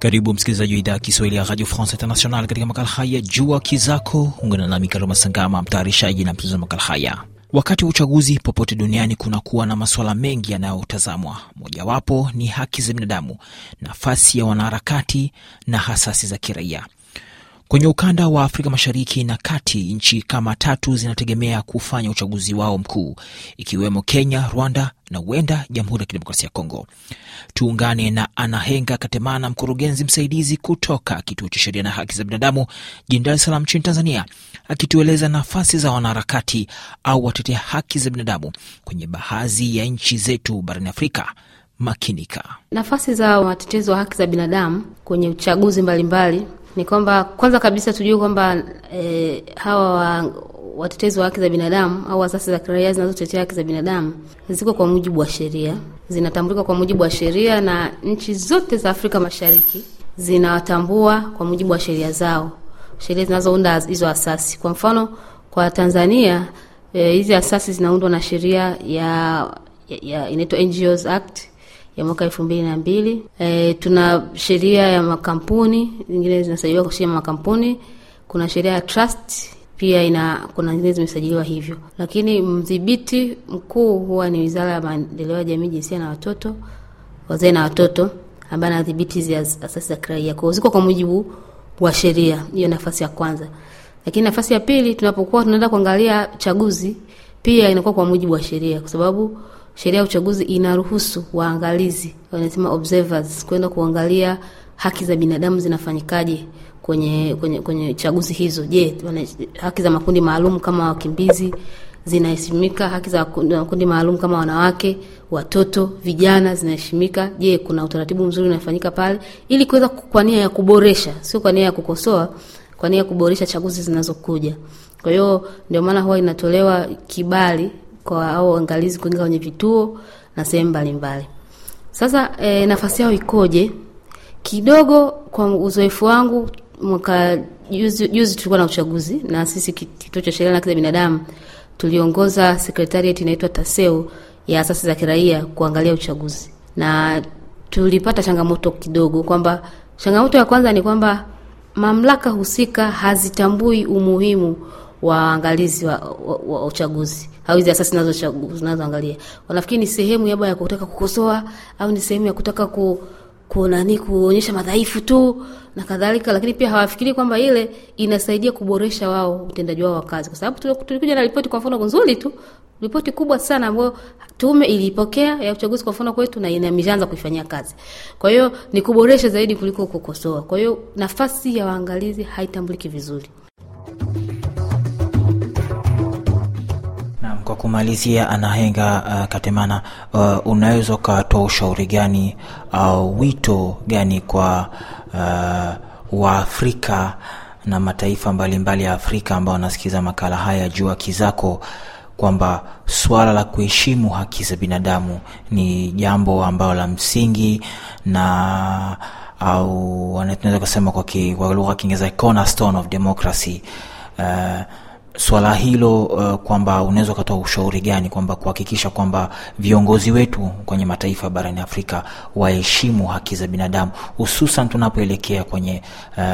Karibu msikilizaji wa idhaa ya Kiswahili ya Radio France International katika makala haya Jua Kizako. Ungana nami Karoma Sangama, mtayarishaji na mtunzi wa makala haya. Wakati wa uchaguzi popote duniani kunakuwa na masuala mengi yanayotazamwa. Mojawapo ni haki za binadamu, nafasi ya wanaharakati na hasasi za kiraia. Kwenye ukanda wa Afrika Mashariki na Kati, nchi kama tatu zinategemea kufanya uchaguzi wao mkuu, ikiwemo Kenya, Rwanda na huenda Jamhuri ya Kidemokrasia ya Kongo. Tuungane na Anahenga Katemana, mkurugenzi msaidizi kutoka Kituo cha Sheria na Haki za Binadamu jijini Dar es Salaam nchini Tanzania, akitueleza nafasi za wanaharakati au watetea haki za binadamu kwenye baadhi ya nchi zetu barani Afrika. Makinika. Nafasi za watetezi wa haki za binadamu kwenye uchaguzi mbalimbali ni kwamba kwanza kabisa tujue kwamba e, hawa wa, watetezi wa haki za binadamu au asasi za kiraia zinazotetea haki za binadamu ziko kwa mujibu wa sheria, zinatambulika kwa mujibu wa sheria, na nchi zote za Afrika Mashariki zinawatambua kwa mujibu wa sheria zao, sheria zinazounda hizo asasi. Kwa mfano kwa Tanzania eh, hizi e, asasi zinaundwa na sheria ya, ya, ya inaitwa NGOs Act ya mwaka elfu mbili na mbili. E, tuna sheria ya makampuni zingine zinasajiliwa kwa sheria ya makampuni. Kuna sheria ya trust pia ina kuna zingine zimesajiliwa hivyo, lakini mdhibiti mkuu huwa ni Wizara ya Maendeleo ya Jamii, Jinsia na Watoto, Wazee na Watoto, ambaye anadhibiti hizi asasi za kiraia. kwao ziko kwa mujibu wa sheria hiyo, nafasi ya kwanza. Lakini nafasi ya pili, tunapokuwa tunaenda kuangalia chaguzi, pia inakuwa kwa mujibu wa sheria, kwa sababu sheria ya uchaguzi inaruhusu waangalizi, wanasema observers, kwenda kuangalia haki za binadamu zinafanyikaje kwenye kwenye kwenye chaguzi hizo. Je, haki za makundi maalum kama wakimbizi zinaheshimika? Haki za makundi maalum kama wanawake, watoto, vijana zinaheshimika? Je, kuna utaratibu mzuri unafanyika pale, ili kuweza kwa nia ya kuboresha, sio kwa nia ya kukosoa, kwa nia ya kuboresha chaguzi zinazokuja. Kwa hiyo ndio maana huwa inatolewa kibali kwa au angalizi kuingia kwenye vituo na sehemu mbalimbali. Sasa e, nafasi yao ikoje? Kidogo kwa uzoefu wangu, mwaka juzi juzi tulikuwa na uchaguzi, na sisi kituo cha sheria na haki za binadamu tuliongoza secretariat inaitwa TASEU ya asasi za kiraia kuangalia uchaguzi, na tulipata changamoto kidogo, kwamba changamoto ya kwanza ni kwamba mamlaka husika hazitambui umuhimu waangalizi wa, wa, wa uchaguzi au hizi asasi zinazoangalia, wanafikiri ni sehemu yaba ya kutaka kukosoa au ni sehemu ya kutaka ku, ku kuonyesha madhaifu tu na kadhalika, lakini pia hawafikiri kwamba ile inasaidia kuboresha wao utendaji wao wa kazi, kwa sababu tulikuja na ripoti kwa mfano nzuri tu ripoti kubwa sana ambayo tume ilipokea ya uchaguzi kwa mfano kwetu, na imeshaanza kuifanyia kazi. Kwa hiyo ni kuboresha zaidi kuliko kukosoa. Kwa hiyo nafasi ya waangalizi haitambuliki vizuri. kumalizia Anahenga uh, Katemana, uh, unaweza ukatoa ushauri gani au uh, wito gani kwa uh, Waafrika na mataifa mbalimbali mbali ya Afrika ambao wanasikiza makala haya Jua Haki Zako, kwamba suala la kuheshimu haki za binadamu ni jambo ambalo la msingi na au tunaweza kusema kwa, kwa lugha ya Kiingereza cornerstone of democracy uh, swala hilo uh, kwamba unaweza ukatoa ushauri gani kwamba kuhakikisha kwamba viongozi wetu kwenye mataifa barani Afrika waheshimu haki za binadamu hususan tunapoelekea kwenye uh,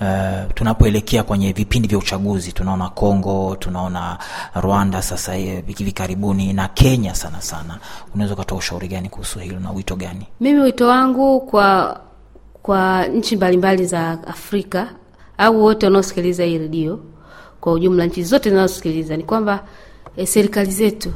uh, tunapoelekea kwenye vipindi vya uchaguzi. Tunaona Kongo, tunaona Rwanda sasa eh, hivi karibuni na Kenya sana sana. Unaweza ukatoa ushauri gani kuhusu hilo na wito gani? Mimi wito wangu kwa kwa nchi mbalimbali za Afrika au wote wanaosikiliza hii redio kwa ujumla nchi zote zinazosikiliza ni kwamba e, serikali zetu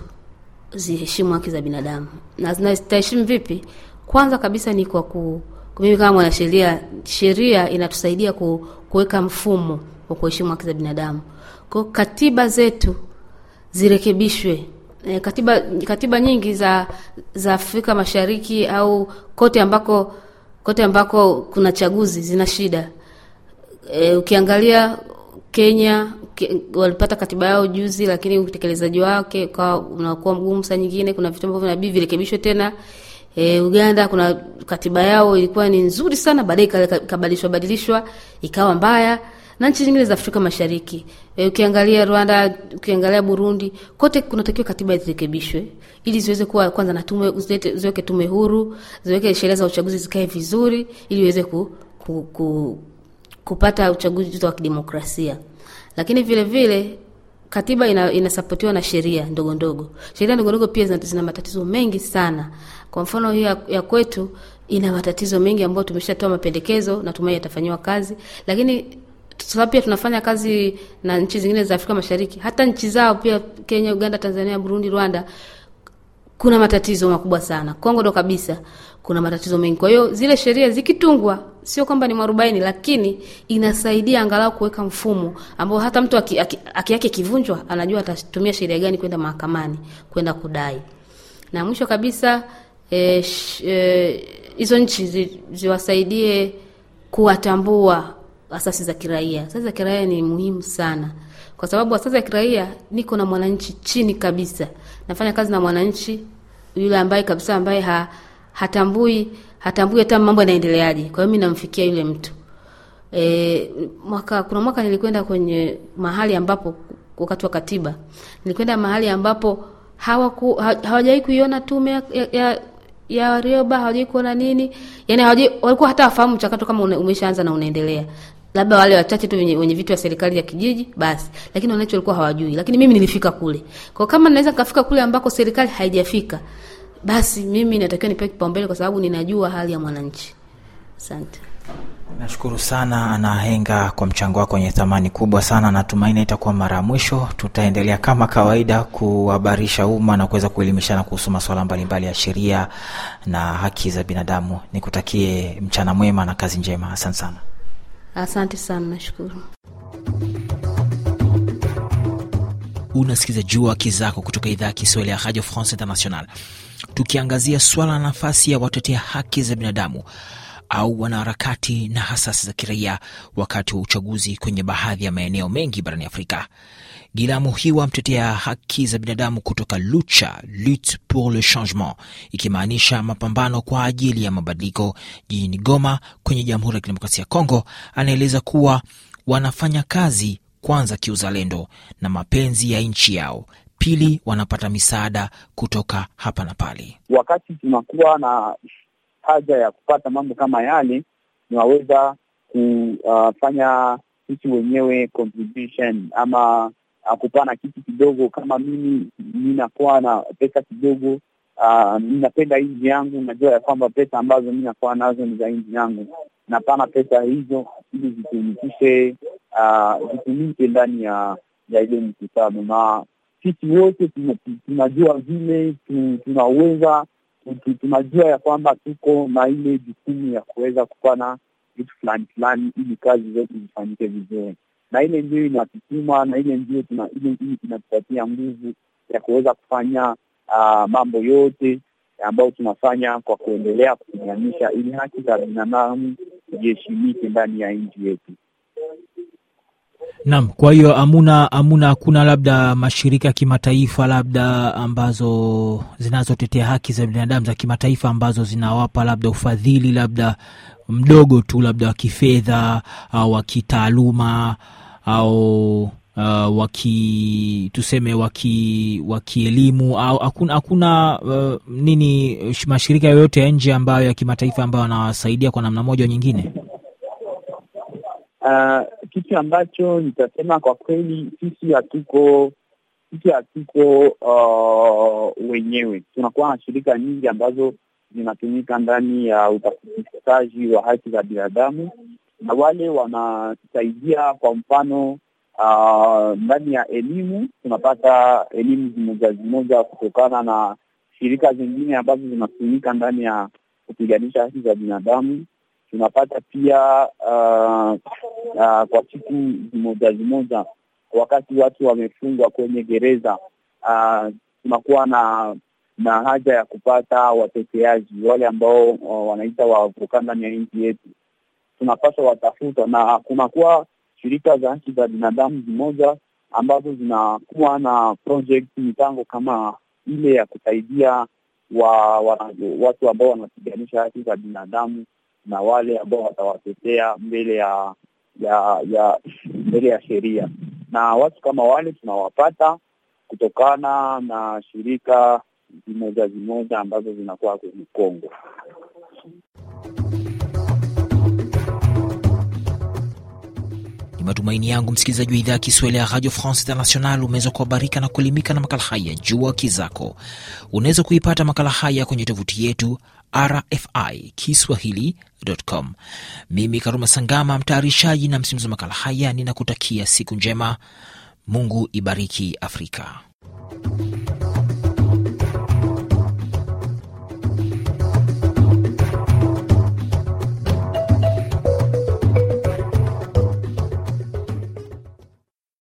ziheshimu haki za binadamu na zitaheshimu vipi? Kwanza kabisa ni kwa ku, mimi kama mwanasheria, sheria inatusaidia ku, kuweka mfumo wa kuheshimu haki za binadamu. ko katiba zetu zirekebishwe. E, katiba katiba nyingi za za Afrika Mashariki au kote ambako kote ambako kuna chaguzi zina shida. E, ukiangalia Kenya walipata katiba yao juzi, lakini utekelezaji wake ukawa unakuwa mgumu. Saa nyingine kuna vitu ambavyo inabidi virekebishwe tena. E, Uganda kuna katiba yao ilikuwa ni nzuri sana, baadaye ikabadilishwa badilishwa ikawa mbaya, na nchi nyingine za Afrika Mashariki e, ukiangalia Rwanda, ukiangalia Burundi, kote kunatakiwa katiba zirekebishwe ili ziweze kuwa kwanza na tume, ziweke tume huru, ziweke sheria za uchaguzi zikae vizuri ili iweze ku, ku, ku kupata uchaguzi wa kidemokrasia, lakini vile vile katiba ina, inasapotiwa na sheria ndogo ndogo. Sheria ndogo ndogo pia zina matatizo mengi sana. Kwa mfano hiyo ya, ya kwetu ina matatizo mengi ambayo tumeshatoa mapendekezo, natumai yatafanyiwa kazi, lakini sababu pia tunafanya kazi na nchi zingine za Afrika Mashariki, hata nchi zao pia, Kenya, Uganda, Tanzania, Burundi, Rwanda, kuna matatizo makubwa sana. Kongo ndo kabisa kuna matatizo mengi. Kwa hiyo zile sheria zikitungwa sio kwamba ni mwarobaini, lakini inasaidia angalau kuweka mfumo ambao hata mtu aki, yake aki, ikivunjwa anajua atatumia sheria gani kwenda mahakamani kwenda kudai. Na mwisho kabisa eh, eh, hizo e, e, nchi zi, ziwasaidie kuwatambua asasi za kiraia. Asasi za kiraia ni muhimu sana, kwa sababu asasi za kiraia, niko na mwananchi chini kabisa, nafanya kazi na mwananchi yule ambaye kabisa ambaye ha, hatambui hatambui hata mambo yanaendeleaje. Kwa hiyo mi namfikia yule mtu e, mwaka kuna mwaka nilikwenda kwenye mahali ambapo wakati wa katiba nilikwenda mahali ambapo hawaku hawajawahi kuiona tume ya, ya, ya Warioba, hawajawahi kuona nini, yani hawajai walikuwa hata wafahamu mchakato kama umeshaanza na unaendelea labda wale wachache tu wenye, vitu vya serikali ya kijiji basi, lakini wananchi walikuwa hawajui. Lakini mimi nilifika kule kwao, kama naweza nikafika kule ambako serikali haijafika, basi mimi natakiwa nipewe kipaumbele kwa sababu ninajua hali ya mwananchi. Asante. Nashukuru sana Anahenga kwa mchango wako wenye thamani kubwa sana. Natumaini itakuwa mara ya mwisho. Tutaendelea kama kawaida kuhabarisha umma na kuweza kuelimishana kuhusu masuala mbalimbali ya sheria na haki za binadamu. Nikutakie mchana mwema na kazi njema. Asante sana. Asante sana, nashukuru. Unasikiza Jua Haki Zako kutoka idhaa ya Kiswahili ya Radio France International tukiangazia swala la nafasi ya watetea haki za binadamu au wanaharakati na hasasi za kiraia wakati wa uchaguzi kwenye baadhi ya maeneo mengi barani Afrika. Gilamu Hiwa, mtetea haki za binadamu kutoka Lucha, Lutte pour le Changement, ikimaanisha mapambano kwa ajili ya mabadiliko, jijini Goma kwenye Jamhuri ya Kidemokrasia ya Kongo, anaeleza kuwa wanafanya kazi kwanza kiuzalendo na mapenzi ya nchi yao pili wanapata misaada kutoka hapa na pale. Wakati tunakuwa na haja ya kupata mambo kama yale, tunaweza kufanya sisi wenyewe contribution ama uh, kupana kitu kidogo. Kama mimi ninakuwa na pesa kidogo, uh, ninapenda nji yangu, najua ya kwamba pesa ambazo ninakuwa nazo ni za nji yangu, napana pesa hizo ili zitumikishe, uh, zitumike ndani ya ya ile mkutano na sisi wote tunajua vile tunaweza, tunajua ya kwamba tuko na ile jukumu ya kuweza kuwa na vitu fulani fulani, ili kazi zetu zifanyike vizuri, na ile ndio inatutuma na ile ndio inatupatia nguvu ya kuweza kufanya uh, mambo yote ambayo tunafanya kwa kuendelea kupiganisha ili haki za binadamu ziheshimike ndani ya nchi yetu. Naam, kwa hiyo amuna amuna, hakuna labda mashirika ya kimataifa labda ambazo zinazotetea haki za binadamu za kimataifa ambazo zinawapa labda ufadhili labda mdogo tu labda wa kifedha au wa kitaaluma au uh, waki tuseme waki wakielimu au hakuna hakuna uh, nini mashirika yoyote ya nje ambayo ya kimataifa ambayo anawasaidia kwa namna moja nyingine? Uh, kitu ambacho nitasema kwa kweli, sisi hatuko sisi hatuko uh, wenyewe. Tunakuwa na shirika nyingi ambazo zinatumika ndani ya uh, utafutaji wa haki za binadamu na wale wanasaidia. Kwa mfano uh, ndani ya elimu tunapata elimu zimoja zimoja kutokana na shirika zingine ambazo zinatumika ndani ya kupiganisha haki za binadamu tunapata pia uh, uh, kwa siku zimoja zimoja, wakati watu wamefungwa kwenye gereza uh, tunakuwa na na haja ya kupata watekeaji wale ambao uh, wanaita wavuka ndani ya nchi yetu, tunapaswa watafuta, na kunakuwa shirika za haki za binadamu zimoja ambazo zinakuwa na project mipango kama ile ya kusaidia wa, wa, watu ambao wanapiganisha haki za binadamu na wale ambao watawatetea mbele ya ya ya mbele ya sheria, na watu kama wale tunawapata kutokana na shirika zimoja zimoja ambazo zinakuwa kwenye Kongo. Ni matumaini yangu msikilizaji wa idhaa ya Kiswahili ya Radio France International umeweza kuhabarika na kuelimika na makala haya jua kizako. Unaweza kuipata makala haya kwenye tovuti yetu RFI Kiswahili.com. Mimi Karuma Sangama, mtayarishaji na msimuzi wa makala haya, ninakutakia siku njema. Mungu ibariki Afrika.